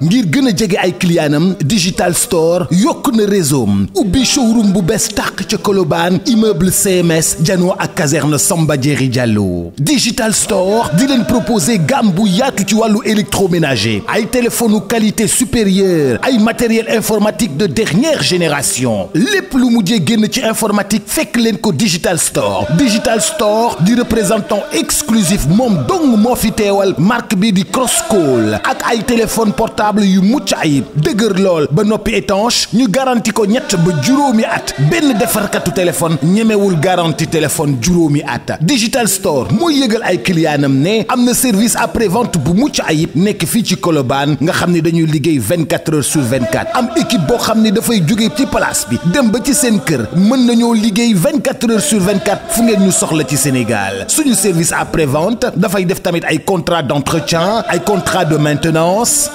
ngir gën a jege ay clientam digital store yokk na réseau ubbi showroom bu bees tàq ca Colobane immeuble CMS janoo ak caserne Samba Diéry Diallo digital store di leen proposer gamme bu yaatu ci wàllu électroménager ay téléphone qualité supérieure ay matériel informatique de dernière génération lépp lu mujjee génn ci informatique fekk leen ko digital store digital di représentant exclusif moom dong moo fi teewal marque bi di Crosscall ak ay téléphone portable portable yu mucc ayib dëgër lool ba noppi étanche ñu garanti ko ñett ba juróomi at benn defarkatu téléphone ñemewul garanti téléphone juróomi at digital store mooy yëgal ay clientam ne am na service après vente bu mucc ayib nekk fii ci Colobane nga xam ne dañuy liggéey 24 heures sur 24 am équipe boo xam ne dafay jóge ci place bi dem ba ci seen kër mën nañoo liggéey 24 heures sur 24 fu ngeen ñu soxla ci Sénégal suñu service après vente dafay def tamit ay contrat d'entretien ay contrat de maintenance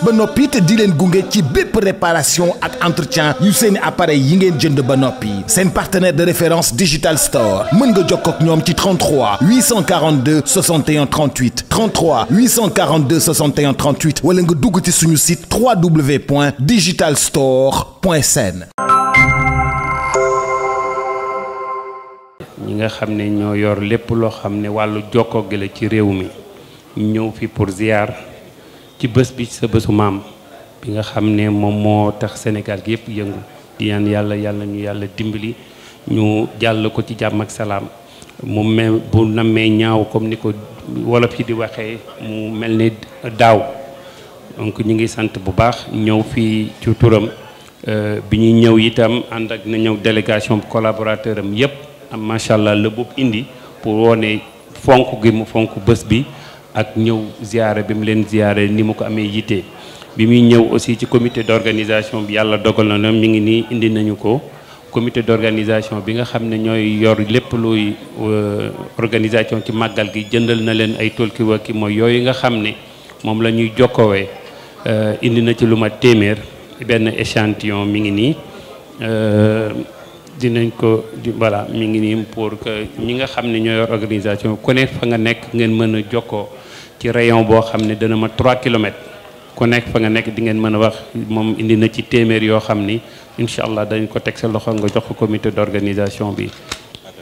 it di leen gunge ci bépp réparation ak entretien yu seen appareil yi ngeen jënd ba noppi seen partenaire de référence Digital Store mën nga ñoom ci 33 842 61 38 33 842 61 38 wala nga dugg ci suñu site www.digitalstore.sn. ñi nga xam ne ñoo yor lépp loo xam ne wàllu jokkoo gi ci réew mi ñëw fi pour ziar ci bés bi sa bésu maam. bi nga xam ne moom moo tax Sénégal gi yëpp yëngu di yàlla yàlla ñu yàlla dimbali ñu jàll ko ci jàmm ak salaam mu mel bu nammee ñaaw comme ni ko wolof yi di waxee mu mel ni daaw donc ñu ngi sant bu baax ñëw fii ci turam euh, bi ñuy ñëw itam ànd ak na ñëw délégation collaborateur am yëpp am macha allah la boobu indi pour wone fonk gi mu fonk bés bi ak ñëw ziyaare bi mu leen ziyaare ni mu ko amee yitte. bi muy ñëw aussi ci comité d'organisation bi yàlla dogal na mu ngi nii indi nañu ko comité d'organisation bi nga xam ne ñooy yor lépp luy euh, organisation ci màggal gi jëndal na leen ay talkie-walkie mooy yooyu nga xam ne moom la ñuy jokkowee euh, indi na ci lu ma téeméer benn échantillon mi ngi nii euh, dinañ ko voilà mi ngi nii pour que ñi nga xam ne ñooy yor organisation ku fa nga nekk ngeen mën a jokkoo ci rayon boo xam ne dana ma 3 kilomètres ku nekk fa nga nekk di ngeen mën a wax moom indi na ci téeméer yoo xam ni incha allah dañ ko teg sa loxo nga jox ko comité d'organisation bi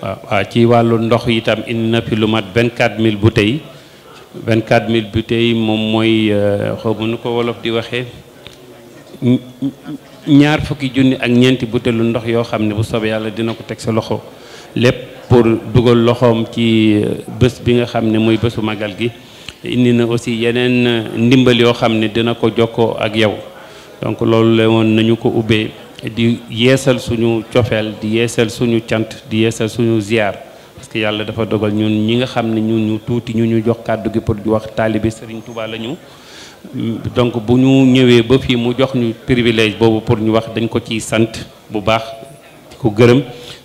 waaw waaw ci wàllu ndox itam indi na fi lu mat tey 24000 mille 24000 tey moom mooy euh, xaw ma nu ko wolof di waxee ñaar fukki junni ak ñeenti bouteilles ndox yoo xam ne bu soobee yàlla dina ko teg sa loxo lépp pour dugal loxoom ci euh, bës bi nga xam ne mooy bésu magal gi indi na aussi yeneen ndimbal yoo xam ne dina ko jokkoo ak yow donc loolu la woon nañu ko ubbee di yeesal suñu cofeel di yeesal suñu cant di yeesal suñu ziar parce que yàlla dafa dogal ñun ñi nga xam ne ñu ñu tuuti ñu ñu jox kàddu gi pour di wax taalibe Serigne Touba la ñu donc bu ñu ñëwee ba fii mu jox ñu privilège boobu pour ñu wax dañ ko ciy sant bu baax di ko gërëm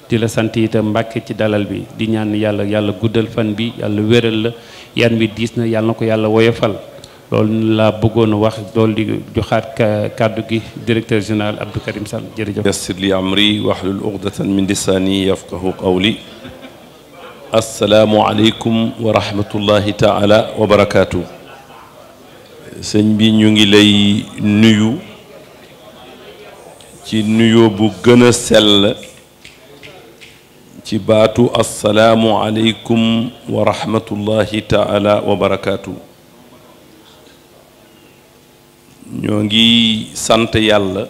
di la sant itam Mbàkke ci dalal bi di ñaan yàlla yàlla guddal fan bi yàlla wéral la yan wi diis na yàlla na ko yàlla woyofal loolu laa bëggoon wax loolu di joxaat kàddu gi directeur général Abdou Karim Sall jërëjëf yassir li amri wahlul uqdatan min lisaani yafqahu qawli asalaamu aleykum wa rahmatullahi taala wa barakaatu sëñ bi ñu ngi lay nuyu ci nuyoo bu gën sell ci baatu assalaamu aleykum wa rahmatullahi wa barakaatu ñoo ngi sant yàlla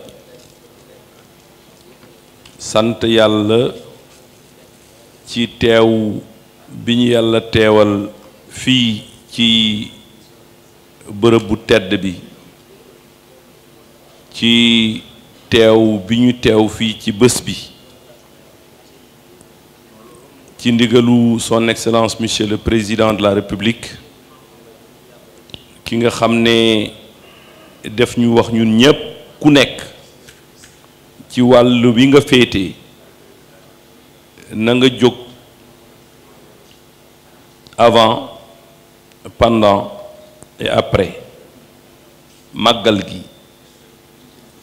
sant yàlla ci teew bi ñu yàlla teewal fii ci bërëb bu tedd bi ci teew bi ñu teew fii ci bés bi ci ndigalu son excellence monsieur le président de la république ki nga xam ne def ñu wax ñun ñépp ku nekk ci wàll bi nga féete na nga jóg avant pendant et après màggal gi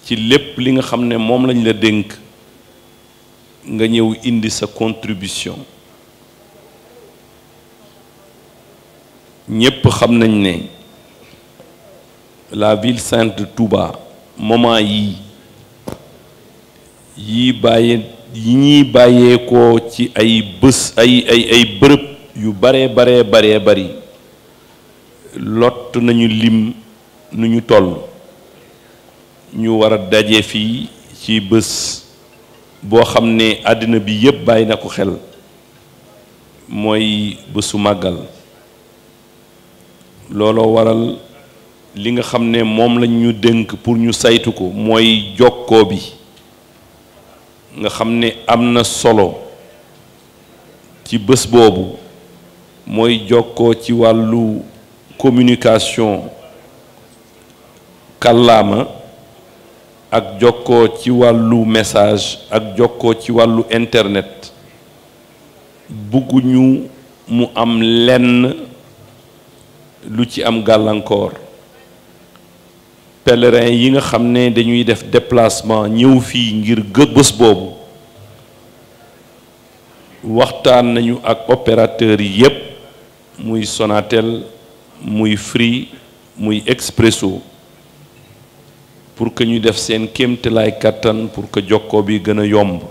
ci lépp li nga xam ne moom lañ la dénk nga ñëw indi sa contribution ñépp xam nañ ne la ville sainte de moment yii yi bàyyi yi ñuy bàyyeekoo ci ay bés ay ay ay bërëb yu baree baree baree bari lott nañu lim nu ñu toll ñu wara a daje fii ci bés boo xam ne àddina bi yépp bàyyi na ko xel mooy bésu màggal looloo waral li nga xam ne moom lañ ñu dénk pour ñu saytu ko mooy jokkoo bi nga xam ne am na solo ci bés boobu mooy jokkoo ci wàllu communication kàllaama ak jokkoo ci wàllu message ak jokkoo ci wàllu internet bugguñu mu am lenn lu ci am gàllankoor pèlerin yi nga xam ne dañuy def déplacement ñëw fii ngir bés boobu waxtaan nañu ak opérateur yi yépp muy Sonatel muy Free muy Expresso pour que ñu def seen kéemtalaay kàttan pour que jokko bi gëna yomb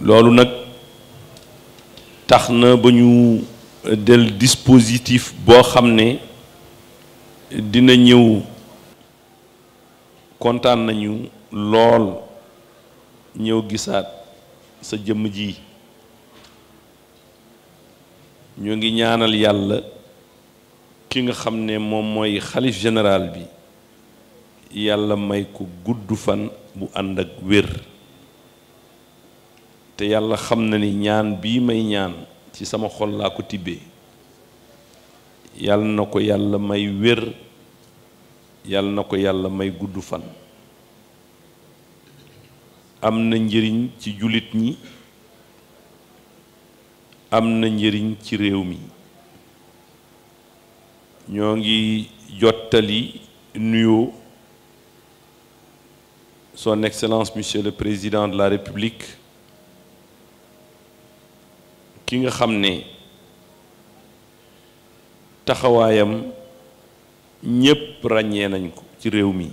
loolu nag tax na ba ñu del dispositif boo xam ne dina ñëw kontaan nañu lool ñëw gisaat sa jëmm ji ñu ngi ñaanal yàlla ki nga xam ne moom mooy xalif général bi yàlla may ko gudd fan bu ànd ak wér te yàlla xam na ni ñaan bii may ñaan ci sama xol laa ko tibbee yàlla na ko yàlla may wér yàlla na ko yàlla may gudd fan am na njëriñ ci jullit ñi am na njëriñ ci réew mi ñoo ngi jottali nuyoo son excellence monsieur le président de la république ki nga xam ne taxawaayam ñépp ràññee nañ ko ci réew mi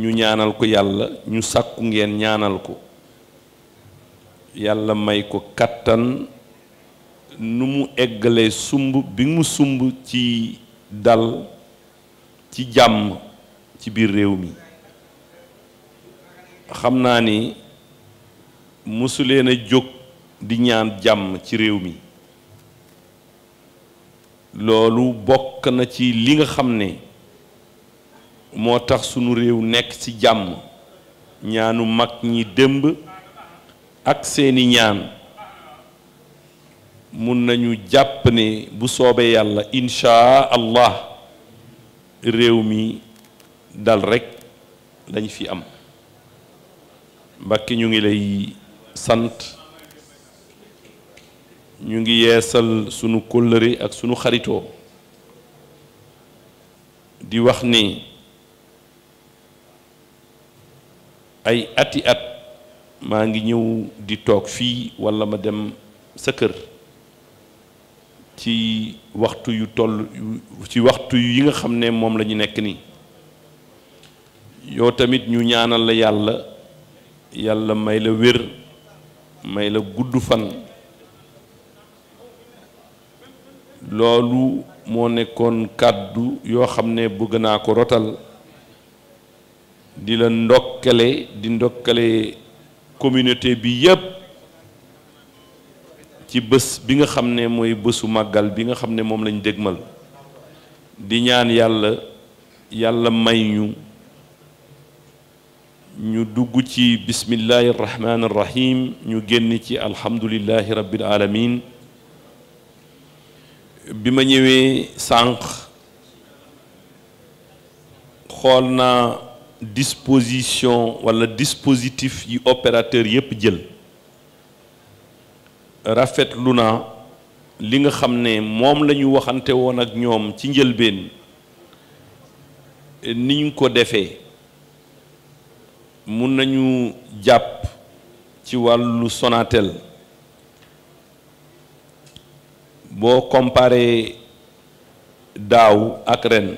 ñu ñaanal ko yàlla ñu sàkku ngeen ñaanal ko yàlla may ko kàttan nu mu eggalee sumb bi mu sumb ci dal ci jàmm ci biir réew mi xam naa ni mosuleen a jóg di ñaan jàmm ci réew mi loolu bokk na ci li nga xam ne moo tax sunu réew nekk ci jàmm ñaanu mag ñi démb ak seeni ñaan mun nañu jàpp ne bu soobee yàlla inshaa allah réew mi dal rekk lañ fi am Mbàkke ñu ngi lay sant ñu ngi yeesal sunu kóllëre ak sunu xaritoo di wax ni ay ati at maa ngi ñëw di toog fii walla ma dem sa kër ci waxtu yu toll ci waxtu yi nga xam ne moom lañu nekk nii yow tamit ñu ñaanal la yàlla yàlla may la wér may la gudd fan loolu moo nekkoon kàddu yoo xam ne bëgg naa ko rotal di la ndokkale di ndokkale communauté bi yépp ci bés bi nga xam ne mooy bésu màggal bi nga xam ne moom lañ dégmal di ñaan yàlla yàlla may ñu ñu dugg ci bismillahi irrahmani irrahim ñu génn ci alhamdulillahi rabbil alamin bi ma ñëwee sànq xool naa disposition walla dispositif yi opérateur yépp jël rafetlu na li nga xam ne moom la waxante woon ak ñoom ci njëlbeen ni ñu ko defee mun nañu jàpp ci wàllu Sonatel boo comparé daaw ak ren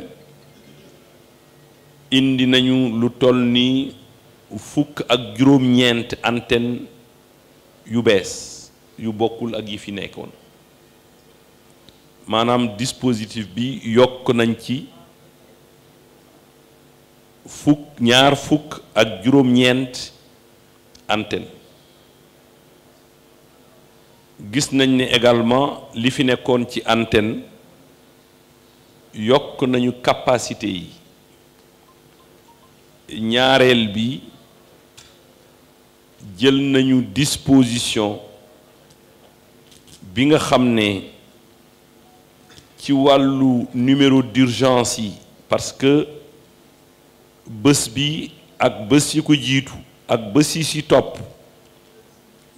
indi nañu lu toll ni fukk ak juróom-ñeent antenne yu bees yu bokkul ak yi fi nekkoon maanaam dispositif bi yokk nañ ci fukk ñaar fukk ak juróom-ñeent antenne gis nañ ni également li fi nekkoon ci antenne yokk nañu capacité yi ñaareel bi jël nañu disposition bi nga xam ne ci wàllu numéro d'urgence yi parce que bés bi ak bés yi ko jiitu ak bés yi si topp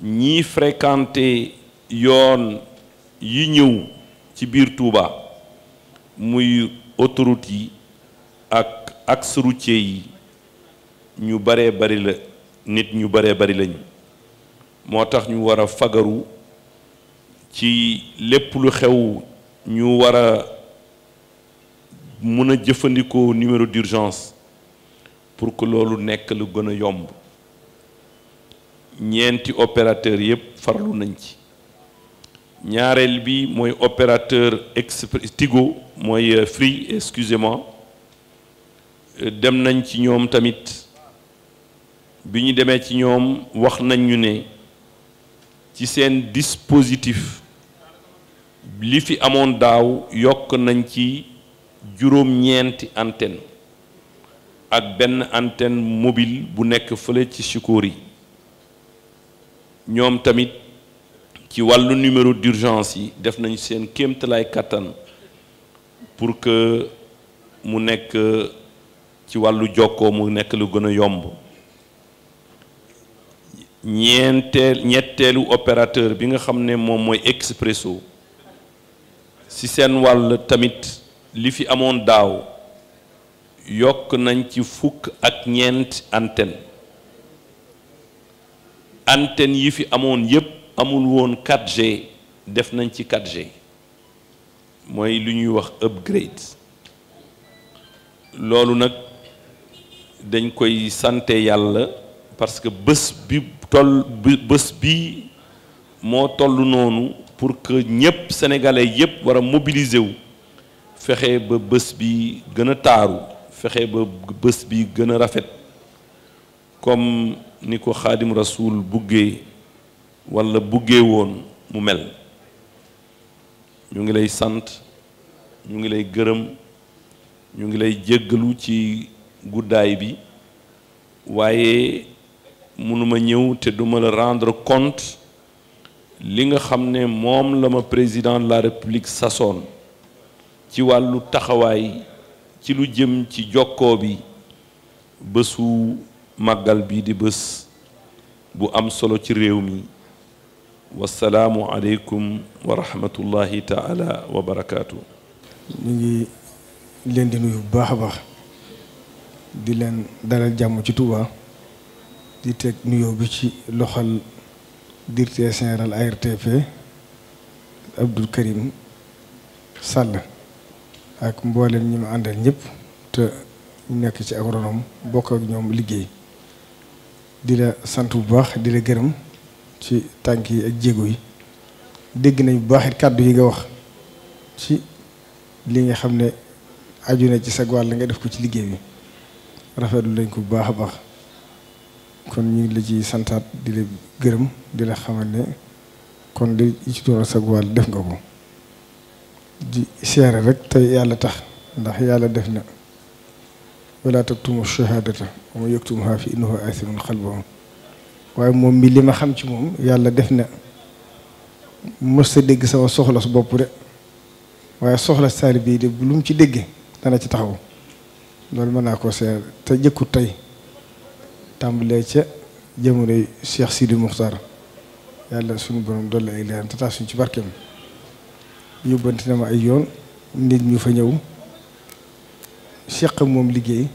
ñiy fréquenté yoon yi ñëw ci biir tuuba muy autoroute yi ak axe routier yi ñu baree bari la nit ñu baree bari lañu moo tax ñu war a fagaru ci lépp lu xew ñu war a mën a jëfandikoo numéro d'urgence pour que loolu nekk lu gën a yomb ñeenti opérateur yëpp farlu nañ ci ñaareel bi mooy opérateur express Tigo mooy euh, Free excusez euh, dem nañ ci ñoom tamit bi ñu demee ci ñoom wax nañ ne ci seen dispositif li fi amoon daaw yokk nañ ci juróom-ñeenti antenne ak benn antenne mobile bu nekk fële ci Sikori ñoom tamit ci wàllu numéro d'urgence yi def nañu seen kéemtalaay kattan pour que mu nekk ci wàllu jokkoo mu nekk lu gën a yomb ñeenteel ñetteelu opérateur bi nga xam ne moom mooy Expresso ci seen wàll tamit li fi amoon daaw yokk nañ ci fukk ak ñeent anten antenne yi fi amoon yépp amul woon 4 def nañ ci 4 mooy lu ñuy wax upgrade loolu nag dañ koy sante yàlla parce que bés bi toll bés bi moo toll noonu pour que ñépp sénégalais yépp war a mobiliser wu fexe ba bés bi gën a taaru fexe ba bës bi gën a rafet comme ni ko xaadim rasul buggee walla buggee woon mu mel ñu ngi lay sant ñu ngi lay gërëm ñu ngi lay jéggalu ci guddaay bi waaye mënuma ñëw te duma la rendre compte li nga xam ne moom la ma président de la république sasoon ci wàllu taxawaay ci lu jëm ci jokkoo bi bésu màggal bi di bés bu am solo ci réew mi wasalaamu aleykum wa rahmatullahi taala wa barakaatu. ngi leen di nuyu bu baax a baax di leen dalal jàmm ci Touba di teg nuyoo bi ci loxol directeur général ARTP Abdoul Karim Sall. ak mboolem ñi ma àndal ñëpp te ñu nekk ci agronome bokk ak ñoom liggéey di la sant bu baax di la gërëm ci tànk yi ak jéego yi dégg nañ bu baax kàddu yi nga wax ci li nga xam ne aju na ci sa la nga def ko ci liggéey bi rafetlu lañ ko bu baax a baax kon ñu ngi la ci santaat di la gërëm di la xamal ne kon li ci doon sa wàll def nga ko. di seere rek te yàlla tax ndax yàlla def na wala taktumu shahadata wa man yaktumha fa innahu athimun qalbuhu waaye moom mi li ma xam ci moom yàlla def na mës dégg sama soxla su bopp de waaye soxla saali bii de lu mu ci déggee dana ci taxaw loolu mën naa koo seer te jëkkut tey tàmbalee ca jamonoy sii di Muxtaar yàlla suñu borom dolli ay leer te tax suñ ci barkeem yóbbante na ma ay yoon nit ñu fa ñëw seq moom liggéey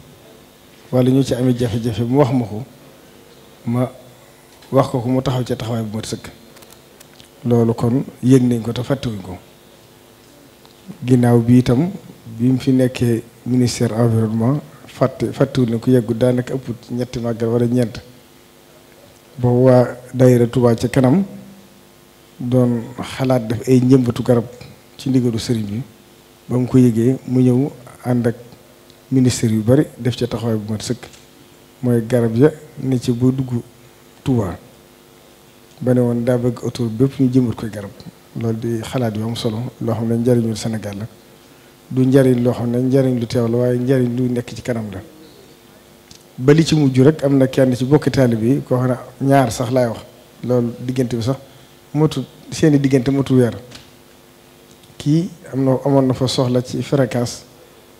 wala ñu ci amee jafe-jafe mu wax ma ko ma wax ko ko mu taxaw ca taxawaay bu mat sëkk loolu kon yëg nañ ko te fàttewuñ ko ginnaaw bi itam bi mu fi nekkee ministère environnement fàtte fàttewul ne ko yeggu daanaka ëpp ñetti màggal wala ñeent boobu waa daayira Touba ca kanam doon xalaat def ay njëmbatu garab ci ndigalu sëriñ bi ba mu ko yëgee mu ñëw ànd ak ministère yu bari def ca taxawaay bu mat sëkk mooy garab ya ne ci boo dugg Touba ba ne woon daa bëgg autour bépp ñu jëmbat koy garab loolu di xalaat yu am solo loo xam ne njariñul Sénégal la du njariñ loo xam ne njariñ lu teew la waaye njariñ luy nekk ci kanam la bali ci mujj rek am na kenn ci bokki taalib yi koo xam ne ñaar sax laay wax loolu diggante bi sax motu seeni diggante motu weer kii am na amoon na fa soxla ci fréquence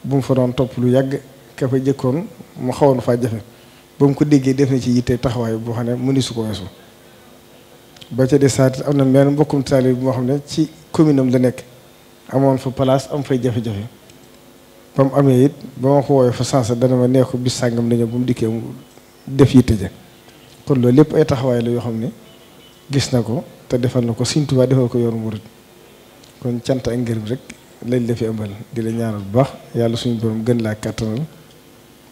bu mu fa doon topp lu yàgg ka fa jëkkoon mu xawoon faa jafe ba mu ko déggee def na ci yitte taxawaay boo xam ne mëni su ko weesu ba ca desaat am na benn mbokkum taalibe bi moo xam ne ci commune am la nekk amoon fa place am fay jafe-jafe ba mu amee it ba ma ko woowee fa sansa dana ma neexu ko bis sàngam nañu ba mu dikkee mu def yitte ja kon loolu lépp ay taxawaay la yoo xam ne gis na ko te defal na ko Sëriñ Tuubaa ko yoonu murit kon cant ak bi rek lañ la fi ëmbal di la ñaanal bu baax yàlla suñu borom gën laa kàttanal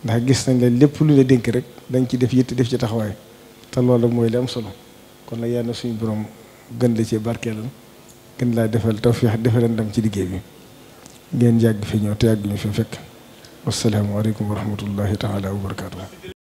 ndax gis nañ la lépp lu la dénk rek dañ ci def yitt def ci taxawaay te loolu mooy li am solo kon nag yàlla suñu borom gën la ci barkeelal gën laa defal tawfeex defal ndam ci liggéey bi ngeen yàgg fi ñëw te yàgg ñu fi fekk wasalaamualeykum wa rahmatullahi taala wa barakaatu.